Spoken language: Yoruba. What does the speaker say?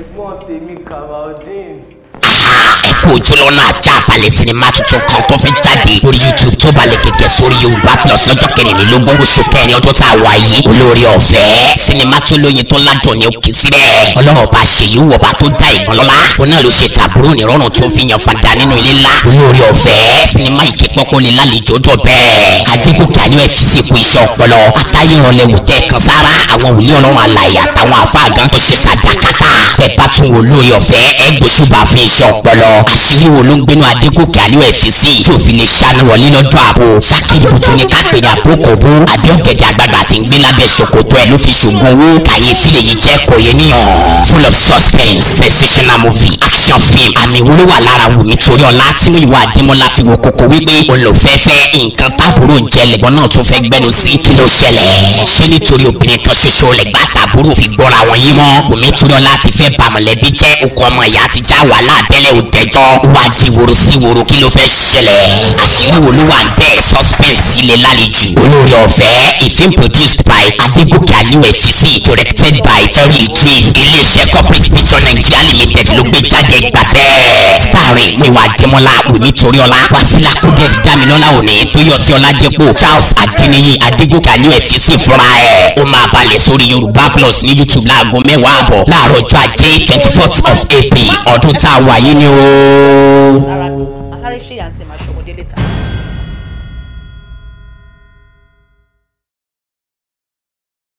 ẹ̀gbọ́n tèmi Kamaldeen. ẹkú ojú lọ́nà ajá balẹ̀ sinimá tuntun kan tó fẹ́ jáde lórí youtube tó balẹ̀ gẹ́gẹ́ sórí yorùbá plus lọ́jọ́ kẹrìnlélógún oṣù kẹrin ọdún tá a wà yìí olórí ọ̀fẹ́ sinimá tó lóyin tó ládùn yẹn kì í síbẹ̀ ọlọ́wọ́ bá ṣe yìí wọ̀ bá tó dá ìbọn lọ́la òun náà ló ṣe tàbúrò nírọ̀rùn tó fi yan fada nínú ilé ńlá olórí ọ̀fẹ́ sinimá ìkẹ́pọ́pọ́ ni lálejò dọ̀ bẹ́ẹ̀ adéb kú iṣẹ́ ọpọlọ àtàyè ìrànlẹ̀ wò tẹ́ kan sára àwọn wòlíì ọlọ́run àlàyé àtàwọn àfáà gan sàdákàtà bẹ́ẹ̀ bá tún wò lóye ọ̀fẹ́ ẹ gbósùbà fún iṣẹ́ ọpọlọ àṣírí wo ló ń gbénu Adégòkè Aliyu Efisi tí òfin lè ṣàánú wọlé lọ́jọ́ àbò sákìrì tuntun ní káàkiri àbíọ̀gẹ̀dẹ̀ àgbàgbà ti ń gbé lábẹ́ ṣòkòtò ẹ̀ ló fi ṣògùn owó kàyéfì lèyí jẹ́ kò níyàn full of suspense sensational movie action film àmì wo ló wà lára Wùmí Toríọlá tí mo ìwà Adémọ́lá fi wò kókó wípé olùfẹ́fẹ́ nǹkan táàbùrò ń jẹ lẹ́gbọ́n náà tún fẹ́ gbẹ́ kò sí kí ló ṣẹlẹ̀ ṣé nítorí obìnrin kan ṣoṣo lè gbá tàbúrò fi gbọ́ra wọn yín mọ́ omi túnú láti fẹ́ bà mọ̀lẹ́bí jẹ́ ọkọ ọmọ ìyá ti já wà láàbẹ̀lẹ̀ òdẹjọ́ wá di woro sí woro kí ló fẹ́ ṣẹlẹ̀ àṣírí wo ló wà bẹ́ẹ̀ suspense ilé lálejò olórí ọ̀fẹ́ ìfín produced by adébókè aliwẹ̀ fisi directed by jerry idris iléeṣẹ́ corporate vision nigeria ìwà àdìmọ́lá onítorí ọlá wàsílà kúdẹ̀ẹ́dì dámilọ́lá òní tó yọ sí ọlá dépò charles adéníyí adégòkà ní ẹ̀sìn sí fúnra ẹ̀ ó máa balẹ̀ sórí yorùbá plus ní youtube láago mẹ́wàá àbọ̀ láàárọ̀ ọjọ́ ajé twenty fourth of april ọdún tá a wà yìí ni o. ara mi asáré ṣèyàn ti máa ṣọwọ́ délé ta.